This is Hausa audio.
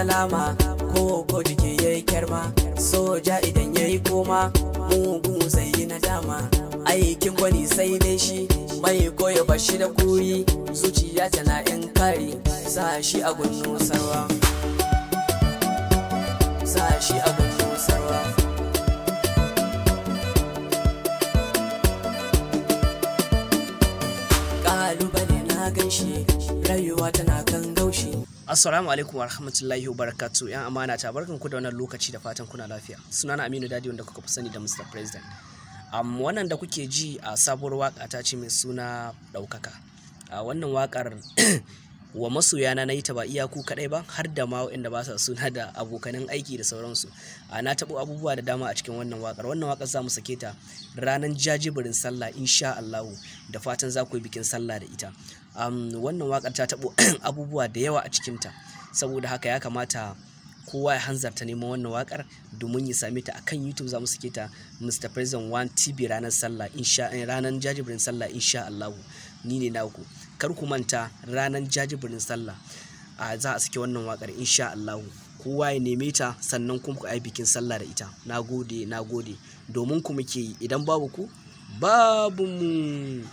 salama ko ko jiki yayi kyarma soja idan yayi koma mugu zai yi nadama aikin gwani sai dai shi mai koya shi da kuri zuciya tana yan kari sa shi a gunnu sarwa sa a gunnu sarwa na ganshi rayuwa tana Assalamu alaikum wa rahmatullahi wa barakatu yan amana ta barkan ku da wannan lokaci da fatan kuna lafiya suna na Aminu Dadi wanda kuka fi sani da Mr President um, wannan da kuke ji a sabuwar waka ta ce mai suna ɗaukaka, a wannan wakar wa masoyana na yi ta ba iyaku kadai ba har da ma waɗanda ba sa suna da abokanan aiki da sauransu a na taɓo abubuwa da dama a cikin wannan wakar wannan wakar za mu sake ta ranar jajibirin sallah insha Allahu da fatan za ku yi bikin sallah da ita wannan wakar ta taɓo abubuwa da yawa a cikin ta? saboda haka ya kamata kowa ya hanzarta neman wannan wakar domin ya same ta akan YouTube za mu sake ta Mr. President 1 TV ranar sallah insha ranar jajibirin sallah insha Allah ni ne naku kar ku manta ranar jajibirin sallah a za a sake wannan wakar insha Allahu kowa ya neme ta sannan kuma ku yi bikin sallah da ita nagode gode domin ku muke yi idan babu ku babu mu